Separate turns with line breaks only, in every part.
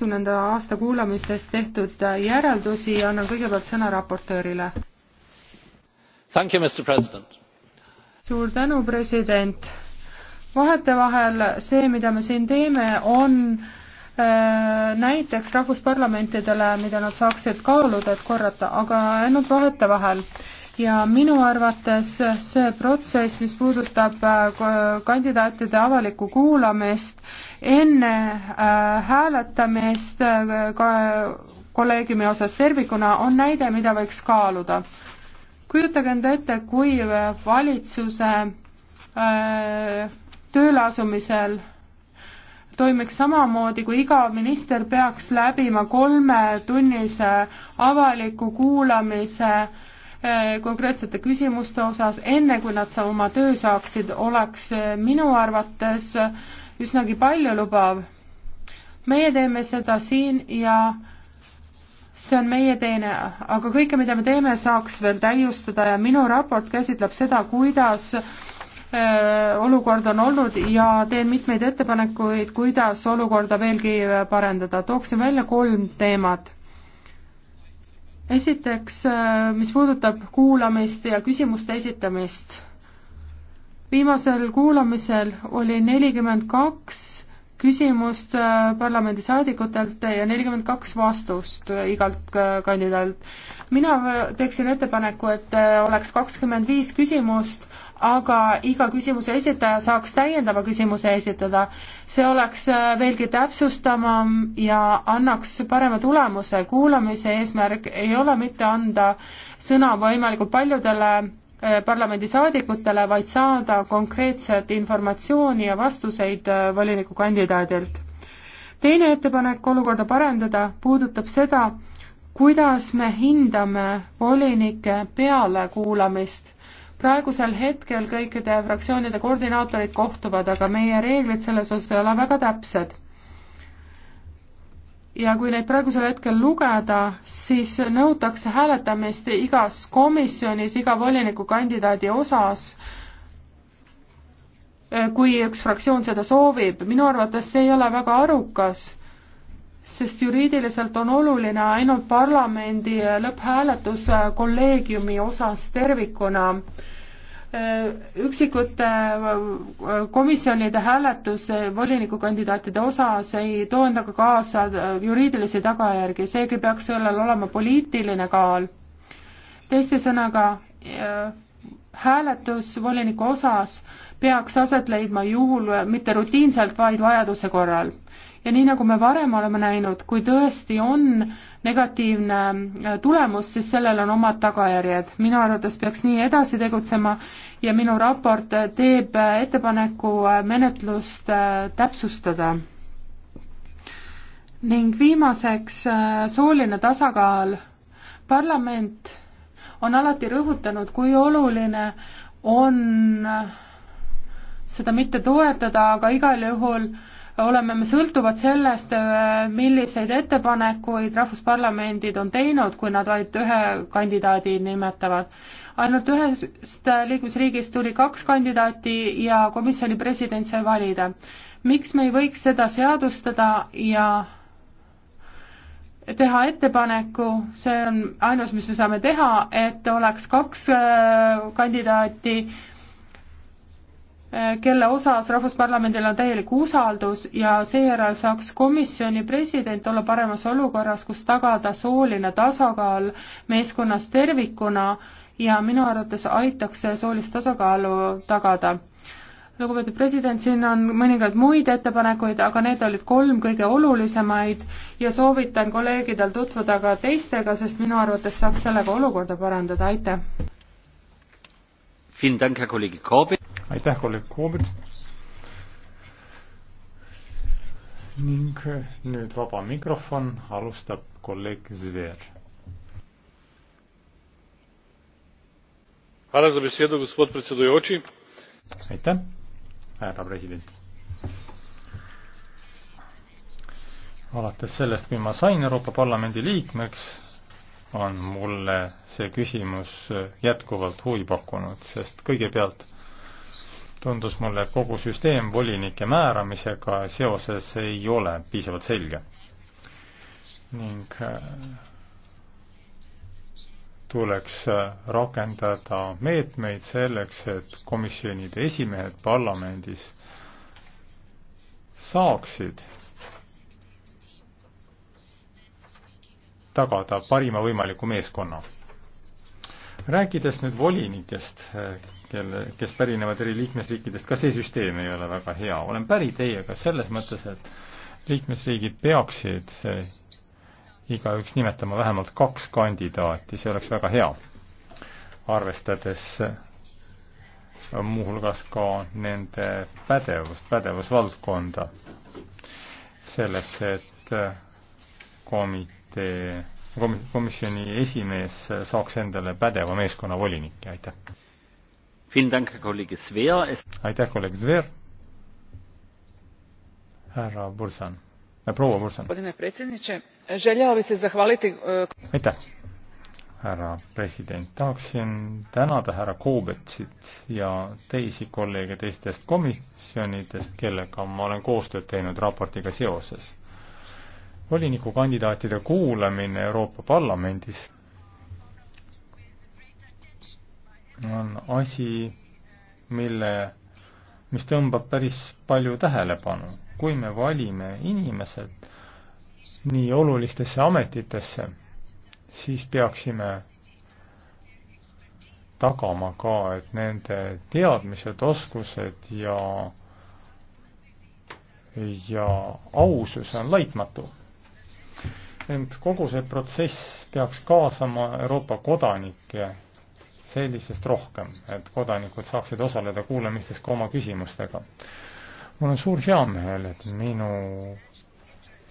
kümnenda aasta kuulamistest tehtud järeldusi ja annan kõigepealt sõna raportöörile. suur tänu, president. vahetevahel see, mida me siin teeme, on äh, näiteks rahvusparlamentidele, mida nad saaksid kaaluda, et korrata, aga ainult vahetevahel. ja minu arvates see protsess, mis puudutab äh, kandidaatide avalikku kuulamist, enne äh, hääletamist äh, ka kolleegiumi osas tervikuna on näide, mida võiks kaaluda. kujutage enda ette, kui äh, valitsuse tööle asumisel toimiks samamoodi, kui iga minister peaks läbima kolmetunnise avaliku kuulamise konkreetsete küsimuste osas, enne kui nad oma töö saaksid, oleks minu arvates äh, üsnagi paljulubav. meie teeme seda siin ja see on meie teene, aga kõike, mida me teeme, saaks veel täiustada ja minu raport käsitleb seda, kuidas äh, olukord on olnud ja teen mitmeid ettepanekuid, kuidas olukorda veelgi äh, parendada. tooksin välja kolm teemat. esiteks, äh, mis puudutab kuulamist ja küsimuste esitamist viimasel kuulamisel oli nelikümmend kaks küsimust äh, parlamendisaadikutelt ja nelikümmend kaks vastust äh, igalt äh, kandidaadilt. mina teeksin ettepaneku, et oleks kakskümmend viis küsimust, aga iga küsimuse esitaja saaks täiendava küsimuse esitada. see oleks veelgi täpsustavam ja annaks parema tulemuse. kuulamise eesmärk ei ole mitte anda sõna võimalikult paljudele Äh, parlamendisaadikutele, vaid saada konkreetset informatsiooni ja vastuseid äh, volinikukandidaadilt. teine ettepanek olukorda parendada puudutab seda, kuidas me hindame volinike pealekuulamist. praegusel hetkel kõikide fraktsioonide koordinaatorid kohtuvad, aga meie reeglid selles osas ei ole väga täpsed ja kui neid praegusel hetkel lugeda, siis nõutakse hääletamist igas komisjonis iga volinikukandidaadi osas, kui üks fraktsioon seda soovib. minu arvates see ei ole väga arukas, sest juriidiliselt on oluline ainult parlamendi lõpphääletus kolleegiumi osas tervikuna üksikute äh, komisjonide hääletus volinikukandidaatide osas ei too endaga kaasa juriidilisi tagajärgi, seegi peaks sellel olema poliitiline kaal. teiste sõnaga, äh, hääletus voliniku osas peaks aset leidma juhul mitte rutiinselt, vaid vajaduse korral ja nii, nagu me varem oleme näinud, kui tõesti on negatiivne äh, tulemus, siis sellel on omad tagajärjed. minu arvates peaks nii edasi tegutsema ja minu raport äh, teeb äh, ettepaneku menetlust täpsustada. ning viimaseks, sooline tasakaal. parlament on alati rõhutanud, kui oluline on seda mitte toetada, aga igal juhul äh, oleme me sõltuvad sellest, äh, milliseid ettepanekuid rahvusparlamendid on teinud, kui nad vaid ühe kandidaadi nimetavad. ainult ühest liikmesriigist tuli kaks kandidaati ja komisjoni president sai valida. miks me ei võiks seda seadustada ja teha ettepaneku, see on ainus, mis me saame teha, et oleks kaks äh, kandidaati Äh, kelle osas Rahvusparlamendil on täielik usaldus ja seejärel saaks komisjoni president olla paremas olukorras, kus tagada sooline tasakaal meeskonnas tervikuna ja minu arvates aitaks see soolist tasakaalu tagada. lugupeetud president, siin on mõningaid muid ettepanekuid, aga need olid kolm kõige olulisemaid ja soovitan kolleegidel tutvuda ka teistega, sest minu arvates saaks sellega olukorda parandada,
aitäh! aitäh, kolleeg Koobert. ning nüüd vaba mikrofon, alustab kolleeg Zver. aitäh, härra president. alates sellest, kui ma sain Euroopa Parlamendi liikmeks, on mulle see küsimus jätkuvalt huvi pakkunud, sest kõigepealt tundus mulle, et kogu süsteem volinike määramisega seoses ei ole piisavalt selge. ning äh, tuleks äh, rakendada meetmeid selleks, et komisjonide esimehed parlamendis saaksid tagada parima võimaliku meeskonna. rääkides nüüd volinikest, äh, kelle, kes pärinevad eri liikmesriikidest, ka see süsteem ei ole väga hea. olen päri teiega selles mõttes, et liikmesriigid peaksid eh, igaüks nimetama vähemalt kaks kandidaati, see oleks väga hea, arvestades eh, muuhulgas ka nende pädevust, pädevusvaldkonda, selleks et eh, komitee komi-, komisjoni esimees saaks endale pädeva meeskonna volinike, aitäh! aitäh, kolleeg Zver. härra Bursan, äh, proua Bursan.
E,
aitäh, härra president. tahaksin tänada härra Koobetsit ja teisi kolleege teistest komisjonidest, kellega ma olen koostööd teinud raportiga seoses. volinikukandidaatide kuulamine Euroopa Parlamendis on asi, mille, mis tõmbab päris palju tähelepanu. kui me valime inimesed nii olulistesse ametitesse, siis peaksime tagama ka, et nende teadmised, oskused ja, ja ausus on laitmatu. ent kogu see protsess peaks kaasama Euroopa kodanikke sellisest rohkem, et kodanikud saaksid osaleda kuulamistes ka oma küsimustega.
mul on suur heameel,
et minu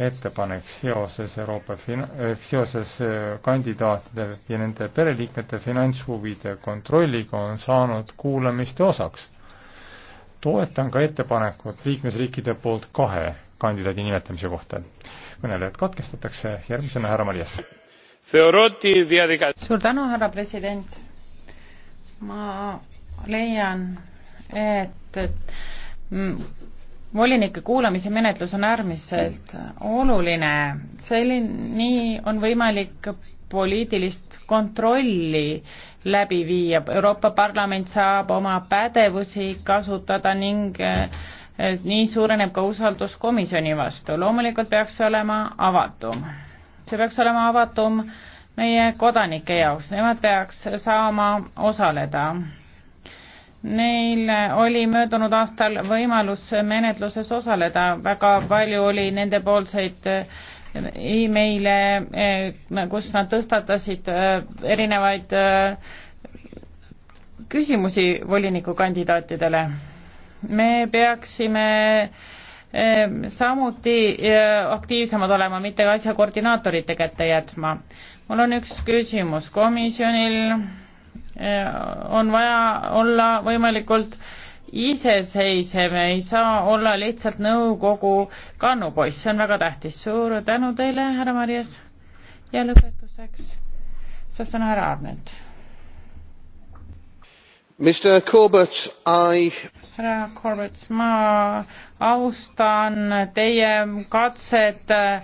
ettepanek seoses Euroopa fin-, eh, seoses eh, kandidaatide ja nende pereliikmete finantshuvide kontrolliga on saanud kuulamiste osaks. toetan ka ettepanekut liikmesriikide poolt kahe kandidaadi nimetamise kohta. kõnelejad katkestatakse, järgmisena härra Marias.
suur tänu, härra president ma leian, et, et volinike kuulamise menetlus on äärmiselt oluline, selline, nii on võimalik poliitilist kontrolli läbi viia, Euroopa Parlament saab oma pädevusi kasutada ning nii suureneb ka usaldus komisjoni vastu, loomulikult peaks see olema avatum. see peaks olema avatum äh, meie kodanike jaoks, nemad peaks saama osaleda. Neil oli möödunud aastal võimalus menetluses osaleda, väga palju oli nendepoolseid eh, emaile, eh, kus nad tõstatasid eh, erinevaid küsimusi volinikukandidaatidele. me peaksime Ehm, samuti eh, aktiivsemad olema, mitte asja koordinaatorite kätte jätma. mul on üks küsimus, komisjonil eh, on vaja olla võimalikult iseseisev, ei saa olla lihtsalt nõukogu kannupoiss, see on väga tähtis. suur tänu teile, härra Marjas. ja lõpetuseks saab sõna härra Arnold härra corbett ma austan teie katset eh, eh,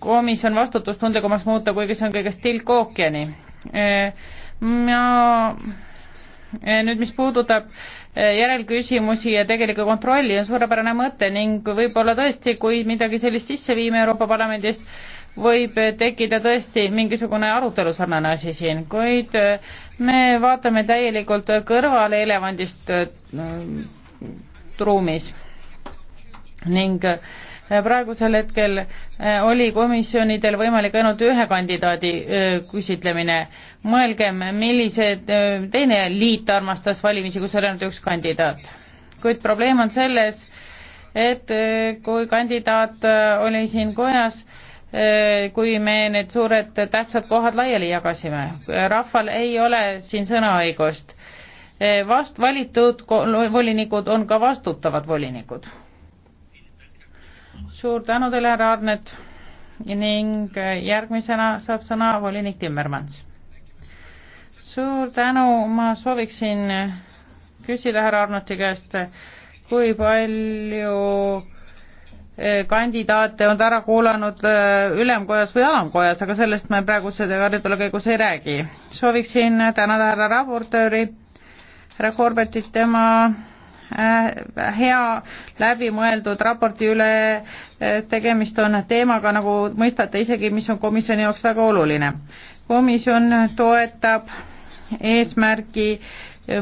komisjon vastutustundlikumaks muuta kuigi see on kõigest tilk ookeani. Eh, ma nüüd mis puudutab järelküsimusi ja tegelikku kontrolli on suurepärane mõte ning võib-olla tõesti kui midagi sellist sisse viime euroopa parlamendis võib tekkida tõesti mingisugune arutelu sarnane asi siin, kuid äh, me vaatame täielikult kõrvale elevandist äh, mm, ruumis ning äh, praegusel hetkel oli komisjonidel võimalik ainult ühe kandidaadi küsitlemine. mõelgem, millise teine liit armastas valimisi, kus oli ainult üks kandidaat. kuid probleem on selles, et kui kandidaat oli siin kojas, Äh, kui me need suured tähtsad kohad laiali jagasime. rahval ei ole siin sõnaõigust. Äh, vast-, valitud volinikud on ka vastutavad volinikud. suur tänu teile, härra Arnet ning äh, järgmisena saab sõna volinik Timmermans. suur tänu, ma sooviksin küsida härra Arnoti käest, kui palju Eh, kandidaate on ta ära kuulanud eh, ülemkojas või alamkojas, aga sellest me praegu selle arutelu käigus ei räägi. sooviksin tänada härra raportööri, härra Korbetit tema eh, hea läbimõeldud raporti üle, tegemist on teemaga, nagu mõistate isegi, mis on komisjoni jaoks väga oluline. komisjon toetab eesmärki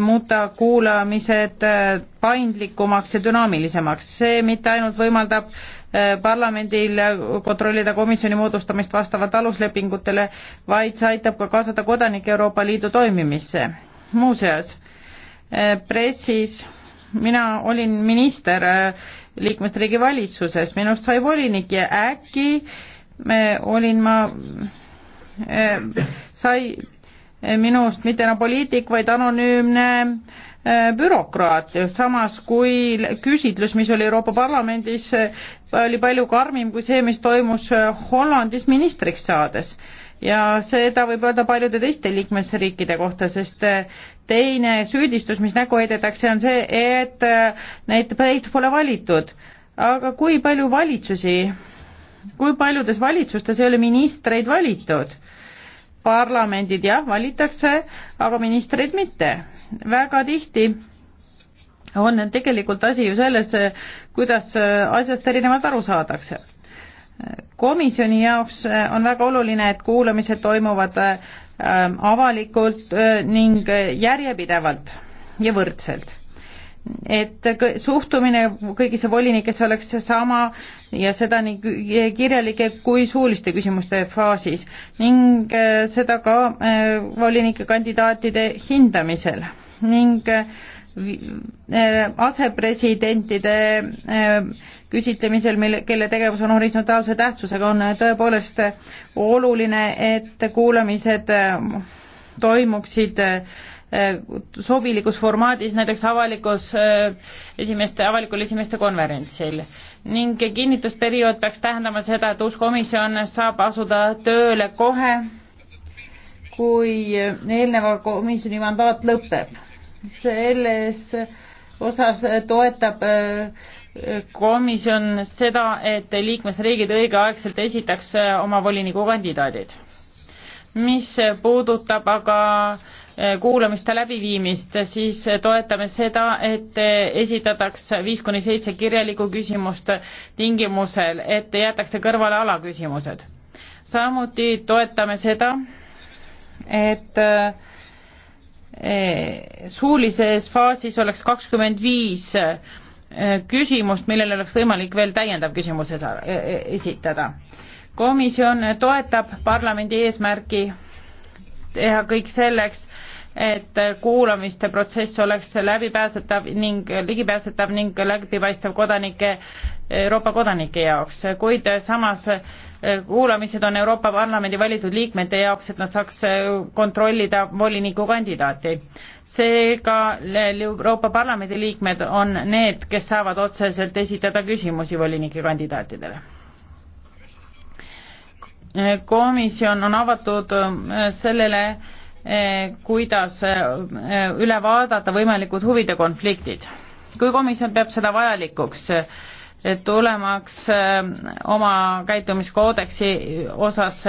muuta kuulamised äh, paindlikumaks ja dünaamilisemaks. see mitte ainult võimaldab äh, parlamendil kontrollida komisjoni moodustamist vastavalt aluslepingutele, vaid see aitab ka kaasata kodanikke Euroopa Liidu toimimisse. muuseas, äh, pressis mina olin minister liikmesriigi valitsuses, minust sai volinik ja äkki olin ma sai minust mitte enam poliitik, vaid anonüümne äh, bürokraat, samas kui küsitlus, mis oli Euroopa Parlamendis, äh, oli palju karmim kui see, mis toimus äh, Hollandis ministriks saades ja seda võib öelda paljude teiste liikmesriikide kohta, sest teine süüdistus, mis nägu heidetakse, on see, et neid päid pole valitud. aga kui palju valitsusi, kui paljudes valitsustes ei ole ministreid valitud? parlamendid jah, valitakse, aga ministreid mitte. väga tihti on tegelikult asi ju selles, kuidas asjast erinevalt aru saadakse. komisjoni jaoks on väga oluline, et kuulamised toimuvad äh, avalikult äh, ning äh, järjepidevalt ja võrdselt et suhtumine kõigisse volinikesse oleks seesama ja seda nii kirjalike kui suuliste küsimuste faasis ning äh, seda ka äh, volinike kandidaatide hindamisel ning äh, asepresidentide küsitlemisel, mille, kelle tegevus on horisontaalse tähtsusega, on tõepoolest oluline, et kuulamised toimuksid äh, Äh, sobilikus formaadis, näiteks avalikus äh, esimeste, avalikul esimeste konverentsil. ning kinnitusperiood peaks tähendama seda, et uus komisjon saab asuda tööle kohe, kui eelneva komisjoni mandaat lõpeb. selles osas toetab äh, komisjon seda, et liikmesriigid
õigeaegselt
esitaks oma voliniku kandidaadid. mis puudutab aga äh, Eh, kuulamiste läbiviimist, siis toetame seda, et esitataks viis kuni seitse kirjalikku küsimust tingimusel, et jäetakse kõrvale alaküsimused. samuti toetame seda, et eh, suulises faasis oleks kakskümmend viis eh, küsimust, millele oleks võimalik veel täiendav küsimus esitada. komisjon toetab parlamendi eesmärki teha kõik selleks, et kuulamiste protsess oleks läbipääsetav ning ligipääsetav ning läbipaistev kodanike, Euroopa kodanike jaoks, kuid samas eh, kuulamised on Euroopa Parlamendi valitud liikmete jaoks, et nad saaks eh, kontrollida volinikukandidaati. seega eh, Euroopa Parlamendi liikmed on need, kes saavad otseselt esitada küsimusi volinikukandidaatidele komisjon on avatud äh, sellele, äh, kuidas äh, üle vaadata võimalikud huvide konfliktid. kui komisjon peab seda vajalikuks, tulemaks oma käitumiskoodeksi osas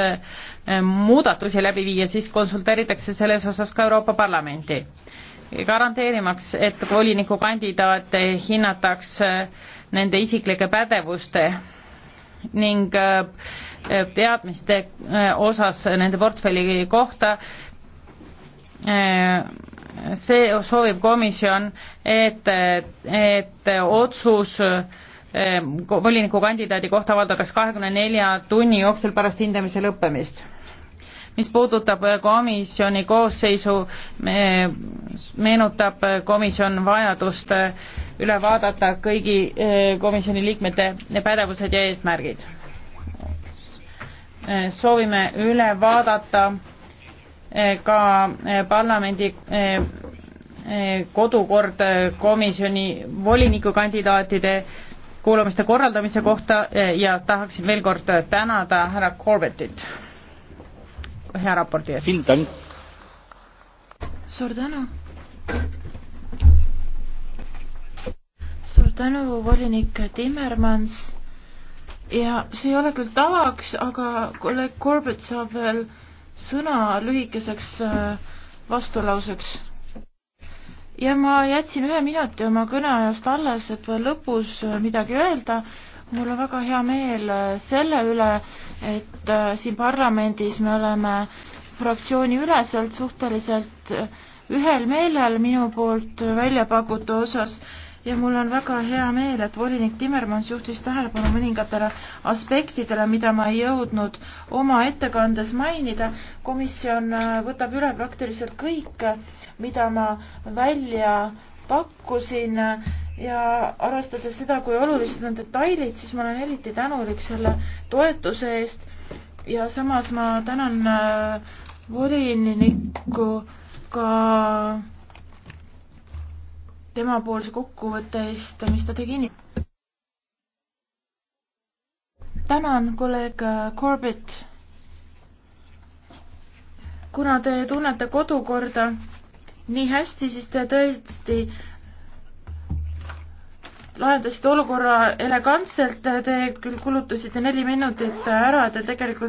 muudatusi läbi viia, siis konsulteeritakse selles osas ka Euroopa Parlamenti. garanteerimaks, et volinikukandidaate hinnataks nende isiklike pädevuste ning teadmiste äh, osas nende portfelli kohta. Äh, see soovib komisjon, et, et otsus äh, volinikukandidaadi kohta avaldatakse kahekümne nelja tunni jooksul pärast hindamise lõppemist mis puudutab komisjoni koosseisu, meenutab komisjon vajadust üle vaadata kõigi komisjoni liikmete pädevused ja eesmärgid Eh, soovime üle vaadata eh, ka eh, parlamendi kodukord komisjoni volinikukandidaatide kuulamiste korraldamise kohta ja tahaksin veel kord tänada härra Corbettit hea raporti eest.
suur tänu. suur tänu, volinik Timmermans ja see ei ole küll tavaks, aga kolleeg Corbett saab veel sõna lühikeseks äh, vastulauseks. ja ma jätsin ühe minuti oma kõneajast alles, et veel lõpus äh, midagi öelda. mul on väga hea meel äh, selle üle, et siin parlamendis me oleme fraktsiooniüleselt suhteliselt ühel meelel minu poolt välja pakutu osas ja mul on väga hea meel, et volinik Timmermans juhtis tähelepanu mõningatele aspektidele, mida ma ei jõudnud oma ettekandes mainida. komisjon äh, võtab üle praktiliselt kõike, mida ma välja pakkusin ja arvestades seda, kui olulised on detailid, siis ma olen eriti tänulik selle toetuse eest ja samas ma tänan äh, volinikku ka temapoolse kokkuvõtte eest, mis ta tegi nii. tänan, kolleeg Corbett. kuna te tunnete kodukorda nii hästi, siis te tõesti lahendasite olukorra elegantselt, te küll kulutasite neli minutit ära, te tegelikult